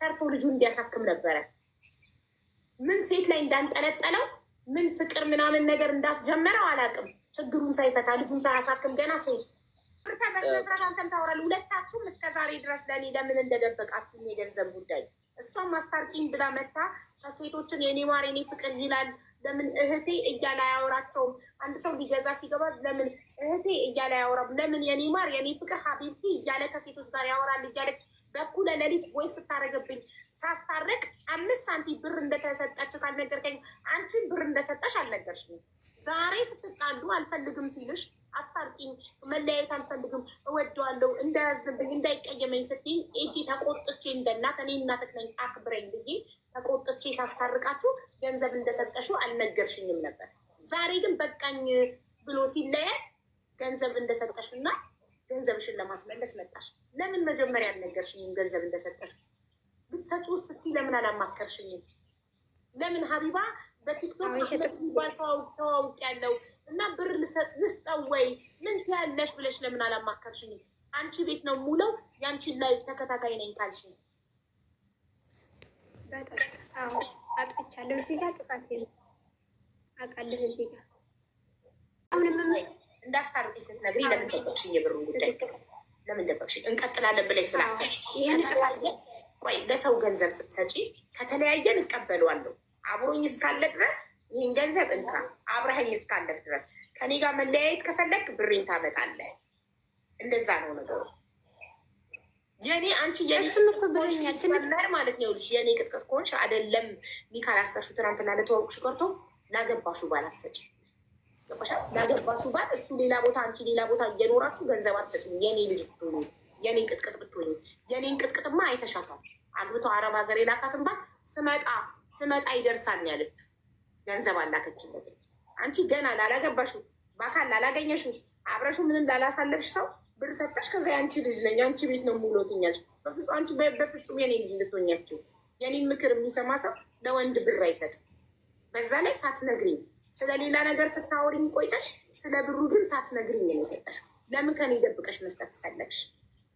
ሰርቶ ልጁ እንዲያሳክም ነበረ። ምን ሴት ላይ እንዳንጠለጠለው ምን ፍቅር ምናምን ነገር እንዳስጀመረው አላውቅም። ችግሩን ሳይፈታ ልጁን ሳያሳክም ገና ሴት በስነስርዓት አንተም ታወራል። ሁለታችሁም እስከ ዛሬ ድረስ ለእኔ ለምን እንደደበቃችሁ የገንዘብ ጉዳይ እሷም ማስታርቂኝ ብላ መታ ከሴቶችን የኔ ማር የኔ ፍቅር ይላል። ለምን እህቴ እያለ አያወራቸውም? አንድ ሰው ሊገዛ ሲገባ ለምን እህቴ እያለ አያወራም? ለምን የኔ ማር የኔ ፍቅር ሀቢብቲ እያለ ከሴቶች ጋር ያወራል እያለች በኩለ ሌሊት ወይ ስታረገብኝ ሳስታርቅ አምስት ሳንቲም ብር እንደተሰጠችው ካልነገርከኝ አንቺን ብር እንደሰጠሽ አልነገርሽም። ዛሬ ስትጣሉ አልፈልግም ሲልሽ አስታርቂኝ፣ መለያየት አልፈልግም፣ እወደዋለሁ፣ እንዳያዝንብኝ፣ እንዳይቀየመኝ ስትይኝ እጂ ተቆጥቼ እንደና እናት እኔ እናትህ ነኝ አክብረኝ ብዬ ተቆጥቼ ሳስታርቃችሁ ገንዘብ እንደሰጠሽው አልነገርሽኝም ነበር። ዛሬ ግን በቃኝ ብሎ ሲለየ ገንዘብ እንደሰጠሽና ገንዘብሽን ለማስመለስ መጣሽ። ለምን መጀመሪያ አልነገርሽኝም? ገንዘብ እንደሰጠሽ ብትሰጪው ስቲ ለምን አላማከርሽኝም? ለምን ሀቢባ በቲክቶክ ተዋውቅ ያለው እና ብር ልስጠው ወይ ምን ትያለሽ ብለሽ ለምን አላማከርሽኝም? አንቺ ቤት ነው ሙለው የአንቺን ላይፍ ተከታታይ ነኝ ካልሽኝ አጥፍቻለሁ። እዚህ ጋር ጥፋት አውቃለሁ። እዚህ ጋር አሁንም እንዳስታርቂ ስትነግሪኝ ለምን ደበቅሽኝ? ጉዳይ ለምን ደበቅሽኝ? እንቀጥላለን ብለሽ ስላሰብሽ ቆይ ለሰው ገንዘብ ስትሰጪ ከተለያየን እቀበለዋለሁ። አብሮኝ እስካለ ድረስ ይህን ገንዘብ እንካ፣ አብረኸኝ እስካለ ድረስ ከኔ ጋር መለያየት ከፈለግ ብሬን ታመጣለህ። እንደዛ ነው ነገሩ። የኔ አንቺ ማለት ነው የኔ ቅጥቅጥ ከሆንሽ አደለም ኒካላስተርሹ ትናንትና ለተዋወቅሽ ቀርቶ ላገባሹ ያገባሽው ባል እሱ ሌላ ቦታ አንቺ ሌላ ቦታ እየኖራችሁ ገንዘብ አትሰጭም። የኔ ልጅ ብትሆኝ የኔ ቅጥቅጥ ብትሆኝ የኔን ቅጥቅጥማ አይተሻታል። አግብተው አረብ ሀገር የላካትን ባል ስመጣ ስመጣ ይደርሳል ያለችው ገንዘብ አላከችበት። አንቺ ገና ላላገባሽው በአካል ላላገኘሽው አብረሽው ምንም ላላሳለፍሽ ሰው ብር ሰጠሽ። ከዛ የአንቺ ልጅ ነኝ አንቺ ቤት ነው ሙሎትኛል። አንቺ በፍጹም የኔ ልጅ ልትሆኛችው። የኔን ምክር የሚሰማ ሰው ለወንድ ብር አይሰጥም። በዛ ላይ ሳትነግሪኝ ስለ ሌላ ነገር ስታወሪኝ ቆይተሽ ስለ ብሩ ግን ሳትነግሪኝ ነው የሰጠሽው። ለምን ከኔ ደብቀሽ መስጠት ፈለግሽ?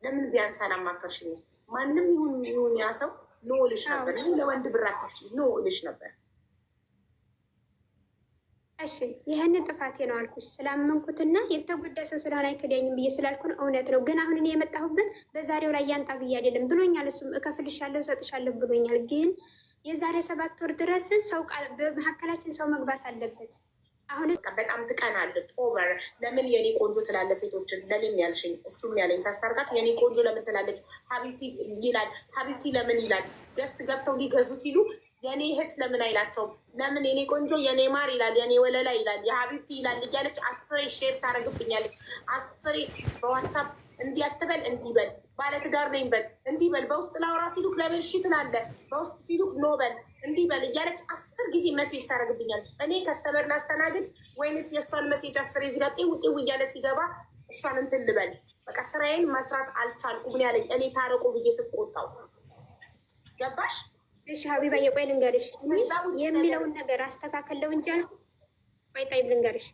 ለምን ቢያንስ አላማከርሽ? ማንም ይሁን ይሁን ያ ሰው ኖ እልሽ ነበር። ለወንድ ብር አትስጪ ኖ እልሽ ነበር። እሺ ይህን ጥፋቴ ነው አልኩሽ። ስላመንኩትና የተጎዳ ሰው ስለሆነ አይክደኝም ብዬ ስላልኩን እውነት ነው። ግን አሁን እኔ የመጣሁበት በዛሬው ላይ ያንጣ ብዬ አይደለም ብሎኛል። እሱም እከፍልሻለሁ፣ እሰጥሻለሁ ብሎኛል ግን የዛሬ ሰባት ወር ድረስ ሰው በመካከላችን ሰው መግባት አለበት። አሁን በጣም ትቀናለች። ኦቨር ለምን የኔ ቆንጆ ትላለ ሴቶችን ለኔም ያልሽኝ እሱም ያለኝ ሳስታርጋት የኔ ቆንጆ ለምን ትላለች፣ ሀቢቲ ይላል፣ ሀቢቲ ለምን ይላል። ገስት ገብተው ሊገዙ ሲሉ የኔ እህት ለምን አይላቸውም? ለምን የኔ ቆንጆ የኔ ማር ይላል፣ የኔ ወለላ ይላል፣ የሀቢብቲ ይላል እያለች አስሬ ሼር ታደርግብኛለች። አስሬ በዋትሳፕ እንዲያትበል እንዲበል ባለትዳር ነኝ በል፣ እንዲህ በል፣ በውስጥ ላውራ ሲሉክ ለምን እሺ ትላለህ? በውስጥ ሲሉክ ኖ በል፣ እንዲህ በል እያለች አስር ጊዜ መሴጅ ታደርግብኛለች። እኔ ከስተመር ላስተናግድ ወይንስ የእሷን መሴጅ አስር የዚህ ጋር ጤው ጤው እያለ ሲገባ እሷን እንትን ልበል? በቃ ስራዬን መስራት አልቻልኩም ምን ያለኝ። እኔ ታረቁ ብዬ ስቆጣው ገባሽ? እሺ ሀቢባ የቆይ ልንገርሽ የሚለውን ነገር አስተካከለው እንጂ ቆይ፣ ጣይብ ልንገርሽ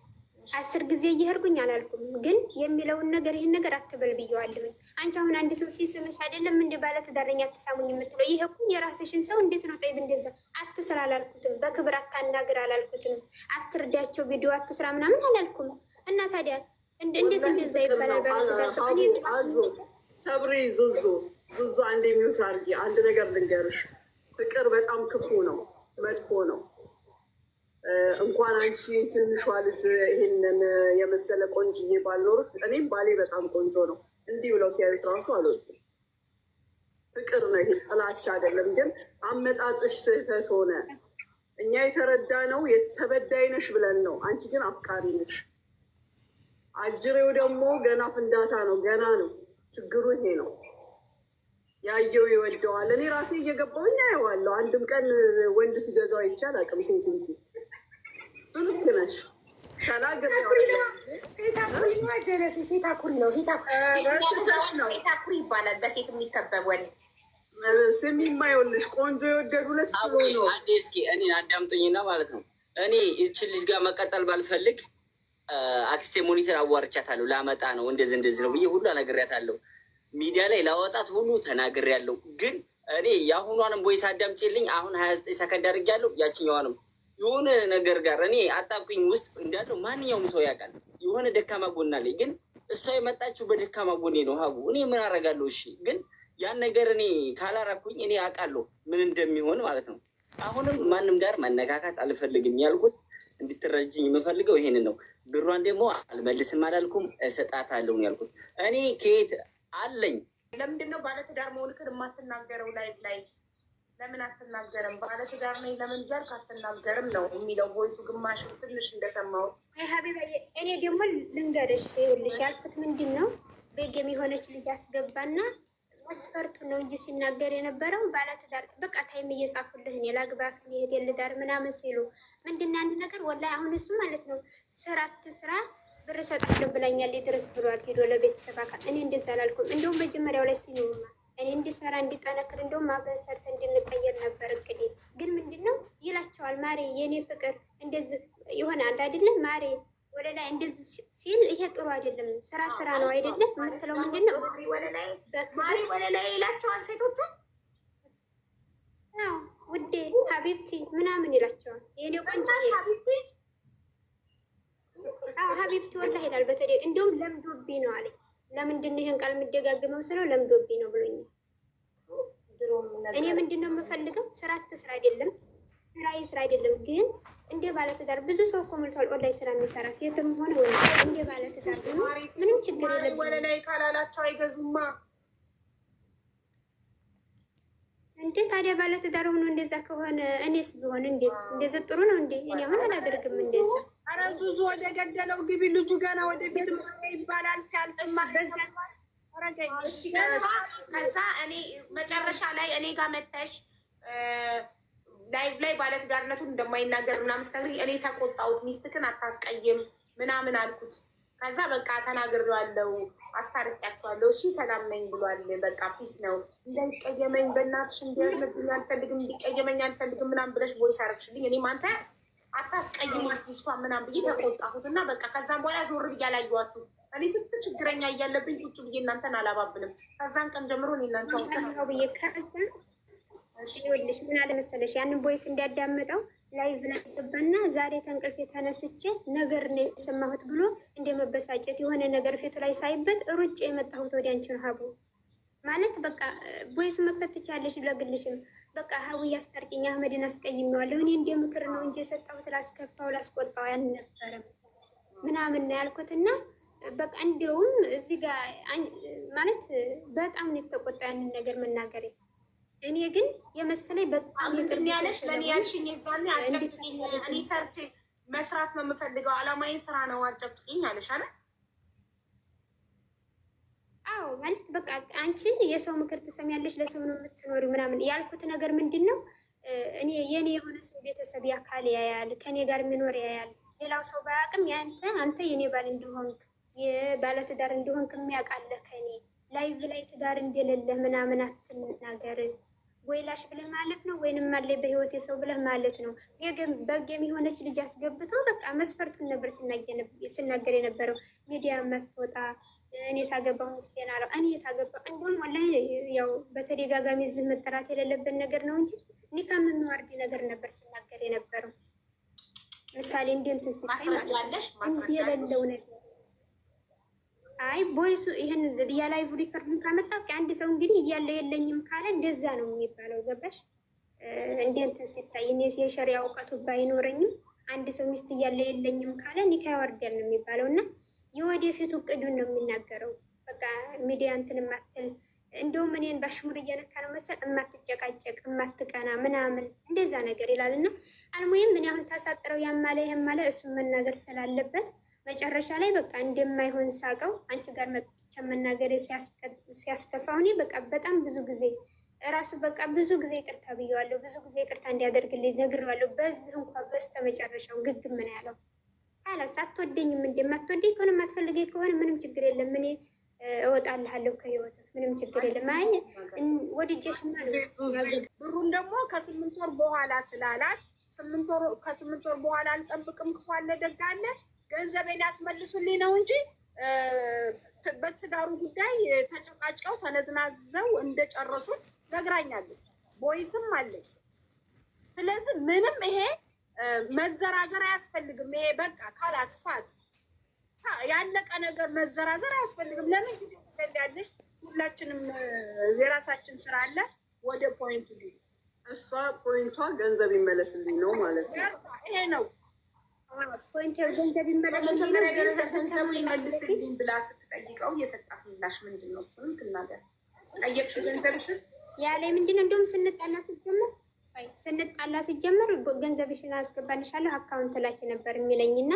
አስር ጊዜ እየሄድኩኝ አላልኩም፣ ግን የሚለውን ነገር ይህን ነገር አትበል ብየዋለሁኝ። አንቺ አሁን አንድ ሰው ሲስምሽ አይደለም እንደ ባለ ትዳረኛ አትሳሙኝ የምትለው ይህ እኮ የራስሽን ሰው እንዴት ነው ጠይብ? እንደዛ አትስራ አላልኩትም፣ በክብር አታናግር አላልኩትም፣ አትርዳቸው፣ ቪዲዮ አትስራ ምናምን አላልኩም። እና ታዲያ እንዴት እንደዛ ይባላል? ሰብሪ ዙዙ ዙዙ አንድ የሚዩት አርጊ አንድ ነገር ልንገርሽ፣ ፍቅር በጣም ክፉ ነው፣ መጥፎ ነው። እንኳን አንቺ ትንሿ ልጅ ይህንን የመሰለ ቆንጅዬ ባልኖርሽ፣ እኔም ባሌ በጣም ቆንጆ ነው እንዲህ ብለው ሲያዩት ራሱ አልወድም። ፍቅር ነው ይሄ፣ ጥላቻ አይደለም። ግን አመጣጥሽ ስህተት ሆነ። እኛ የተረዳ ነው የተበዳይ ነሽ ብለን ነው። አንቺ ግን አፍቃሪ ነሽ። አጅሬው ደግሞ ገና ፍንዳታ ነው፣ ገና ነው። ችግሩ ይሄ ነው። ያየው ይወደዋል። እኔ ራሴ እየገባሁኝ አየዋለሁ። አንድም ቀን ወንድ ሲገዛው አይቻል አቅም ሴት እንጂ ልክ ነሽ። ቆንጆ የወደዱ ሁለት ነው። እስኪ እኔ አዳምጡኝና ማለት ነው እኔ ይችን ልጅ ጋር መቀጠል ባልፈልግ አክስቴ ሞኒተር አዋርቻታለሁ። ላመጣ ነው እንደዚህ እንደዚህ ነው ብዬ ሁሉ አነግሬያታለሁ። ሚዲያ ላይ ላወጣት ሁሉ ተናግሬያለሁ። ግን እኔ የአሁኗንም ቦይስ አዳምጪልኝ። አሁን ሀያ ዘጠኝ ሰከንድ አድርጌያለሁ። ያችኛዋንም የሆነ ነገር ጋር እኔ አጣብቅኝ ውስጥ እንዳለው ማንኛውም ሰው ያውቃል። የሆነ ደካማ ጎን ላይ ግን እሷ የመጣችው በደካማ ጎኔ ነው። ሀቡ እኔ ምን አረጋለሁ? እሺ፣ ግን ያን ነገር እኔ ካላረኩኝ እኔ አውቃለሁ ምን እንደሚሆን ማለት ነው። አሁንም ማንም ጋር መነካካት አልፈልግም ያልኩት እንድትረጅኝ የምፈልገው ይሄንን ነው። ብሯን ደግሞ አልመልስም አላልኩም፣ እሰጣታለሁ ነው ያልኩት። እኔ ከየት አለኝ። ለምንድን ነው ባለትዳር መሆንክን የማትናገረው? ላይ ላይ ለምን አትናገርም? ባለ ትዳር ነኝ ለምን ጃልክ አትናገርም ነው የሚለው ቮይሱ። ግማሽ ትንሽ እንደሰማሁት ሀቢባዬ፣ እኔ ደግሞ ልንገርሽ ይኸውልሽ ያልኩት ምንድን ነው ቤጌም የሆነች ልጅ አስገባና መስፈርቱ ነው እንጂ ሲናገር የነበረው ባለትዳር በቃ ታይም እየጻፉልህን የላግባክ ሄድ የልዳር ምናምን ሲሉ ምንድን አንድ ነገር ወላሂ፣ አሁን እሱ ማለት ነው ስራ ትስራ ብር እሰጣለሁ ብላኛል ድረስ ብሏል ሄዶ ለቤተሰብ አካል። እኔ እንደዛ አላልኩም። እንደውም መጀመሪያው ላይ ሲኖማ እኔ እንዲሰራ እንድጠነክር፣ እንደውም አብረን ሰርተን እንድንቀየር ነበር እቅዴ። ግን ምንድን ነው ይላቸዋል ማሬ፣ የእኔ ፍቅር እንደዚህ ይሆናል አይደለም ማሬ ወደ ላይ እንደዚህ ሲል ይሄ ጥሩ አይደለም። ስራ ስራ ነው አይደለም የምትለው ምንድን ነው ማሬ ወደ ላይ ይላቸዋል ሴቶቹ ውዴ ሀቢብቲ ምናምን ይላቸዋል። የኔ ቆንጆ ሀቢብቲ ወላ ሄዳል። በተለይ እንደውም ለምዶብኝ ነው አለኝ ለምንድን ነው ይሄን ቃል የምደጋግመው ስለው ለምዶብኝ ነው ብሎኛል። እኔ ምንድን ነው የምፈልገው ስራ ትስራ አይደለም ስራ ይስራ አይደለም ግን እንደ ባለትዳር ብዙ ሰው እኮ ሞልቷል። ኦንላይን ስራ የሚሰራ ሴትም ሆነ ወይ እንደ ባለትዳር ምንም ችግር የለም። ወለ ላይ ካላላቸው አይገዙማ እንዴ ታዲያ ባለትዳር ሆኖ እንደዛ ከሆነ እኔስ ቢሆን እንዴት እንደዛ ጥሩ ነው እንዴ? እኔ አሁን አላደርግም እንደዛ ኧረ ዙዙ ወደ ገደለው ግቢ። ልጁ ገና ወደፊት ይባላል ሲያልፍማ ከዛ እኔ መጨረሻ ላይ እኔ ጋር መተሽ ላይቭ ላይ ባለትዳርነቱን እንደማይናገር ምናምን ስተግሪ እኔ ተቆጣሁት። ሚስትክን አታስቀይም ምናምን አልኩት። ከዛ በቃ ተናግሬዋለሁ፣ አስታርቂያቸዋለሁ። እሺ ሰላም ነኝ ብሏል። በቃ ፒስ ነው። እንዳይቀየመኝ በእናትሽ እንዲያዝነብኝ አልፈልግም፣ እንዲቀየመኝ አልፈልግም ምናምን ብለሽ ቦይስ አረግሽልኝ። እኔ ማንተ አታስቀይሟት ልጅቷን ምናምን ብዬ ተቆጣሁት እና በቃ ከዛም በኋላ ዞር ብዬ አላየኋችሁ። እኔ ስንት ችግረኛ እያለብኝ ቁጭ ብዬ እናንተን አላባብልም። ከዛን ቀን ጀምሮ እኔ እናንተው ብዬ ይኸውልሽ ምን አለመሰለሽ ያንን ቦይስ እንዲያዳምጠው ላይቭ ላይ ገባና ዛሬ ተንቅልፍ የተነስቼ ነገር ነው የሰማሁት ብሎ እንደ መበሳጨት የሆነ ነገር ፊቱ ላይ ሳይበት ሩጭ የመጣሁት ወዲያንችን ሀቡ ማለት በቃ ቮይስ መክፈት ትቻለሽ ለግልሽም። በቃ ሀዊ አስታርቂኝ፣ አህመድን አስቀይሜዋለሁ። እኔ እንደ ምክር ነው እንጂ የሰጠሁት ላስከፋው ላስቆጣው አልነበረም ምናምን ነው ያልኩት በቃ እንዲሁም እዚህ ጋር ማለት በጣም ነው የተቆጣ ያንን ነገር መናገሬ። እኔ ግን የመሰለኝ በጣም ያለሽ ለእኔ ያልሽኝ የዛኔ አጨብጭኝ፣ እኔ ሰርቼ መስራት ነው የምፈልገው፣ አላማዬ ስራ ነው አጨብጭኝ አለሽ አይደል ማለት በቃ አንቺ የሰው ምክር ትሰሚያለሽ፣ ለሰው ነው የምትኖሪ ምናምን ያልኩት ነገር ምንድን ነው፣ እኔ የኔ የሆነ ሰው ቤተሰብ ያካል ያያል፣ ከኔ ጋር የሚኖር ያያል። ሌላው ሰው ባያውቅም ያንተ አንተ የኔ ባል እንዲሆንክ የባለትዳር እንዲሆንክ የሚያውቃለ ከኔ ላይቭ ላይ ትዳር እንደሌለ ምናምን አትናገርን። ወይ ላሽ ብለህ ማለት ነው፣ ወይንም አለኝ በህይወት የሰው ብለህ ማለት ነው። በጌም የሆነች ልጅ አስገብተው በቃ መስፈርቱን ነበር ስናገር የነበረው ሚዲያ መትወጣ እኔ የታገባው ሚስቴን አለው እኔ የታገባ እንዲሁም ወላሂ ያው በተደጋጋሚ እዚህ መጠራት የሌለበት ነገር ነው እንጂ ኒካ የሚዋርድ ነገር ነበር ስናገር የነበረው ምሳሌ እንዲንትን ስታይ ማለት ነው የሌለው ነገር አይ ቦይሱ ይሄን የላይቭ ሪከርዱን ካመጣ አንድ ሰው እንግዲህ እያለው የለኝም ካለ እንደዛ ነው የሚባለው። ገባሽ? እንደ እንትን ሲታይ እኔ የሸሪያ እውቀቱ ባይኖረኝም አንድ ሰው ሚስት እያለው የለኝም ካለ ኒካ ያወርዳል ነው የሚባለው። እና የወደፊቱ እቅዱን ነው የሚናገረው። በቃ ሚዲያ እንትን የማትል እንደውም እኔን ባሽሙር እያነካ ነው መሰል የማትጨቃጨቅ የማትቀና ምናምን እንደዛ ነገር ይላል። እና አልሙይም ምን ያሁን ታሳጥረው ያማለ ይህም ማለ እሱን መናገር ስላለበት መጨረሻ ላይ በቃ እንደማይሆን ሳቀው። አንቺ ጋር መጥቼ መናገሬ ሲያስከፋው እኔ በቃ በጣም ብዙ ጊዜ እራሱ በቃ ብዙ ጊዜ ይቅርታ ብየዋለሁ፣ ብዙ ጊዜ ይቅርታ እንዲያደርግልኝ ነግሬዋለሁ። በዚህ እንኳ በስተ መጨረሻው ግግ ምን ያለው አላስ አትወደኝም እንደ የማትወደኝ ከሆነ የማትፈልገኝ ከሆነ ምንም ችግር የለም እኔ እወጣልሃለሁ ከህይወት ምንም ችግር የለም። አይ ወድጄሽማ ብሩን ደግሞ ከስምንት ወር በኋላ ስላላት ስምንት ወር ከስምንት ወር በኋላ አልጠብቅም ከኋለ ደጋለ ገንዘቤን ያስመልሱልኝ ነው እንጂ በትዳሩ ጉዳይ ተጨቃጭቀው ተነዝናዘው እንደጨረሱት ነግራኛለች። ቦይስም አለኝ። ስለዚህ ምንም ይሄ መዘራዘር አያስፈልግም። ይሄ በቃ ካላስፋት ያለቀ ነገር መዘራዘር አያስፈልግም። ለምን ጊዜ ትገዳለሽ? ሁላችንም የራሳችን ስራ አለ። ወደ ፖይንቱ እሷ ፖይንቷ ገንዘብ ይመለስልኝ ነው ማለት ነው። ይሄ ነው ገንዘብ ይመልስልኝ ብላ ስትጠይቀው የሰጣት ምላሽ ምንድን ነው? እሱንም ትናገር። ጠየቅሽው ገንዘብሽን ያለ ምንድን ነው? እንዲሁም ስትጀምር ስንጣላ ገንዘብሽን አስገባልሻለሁ አካውንት ላኪ ነበር የሚለኝና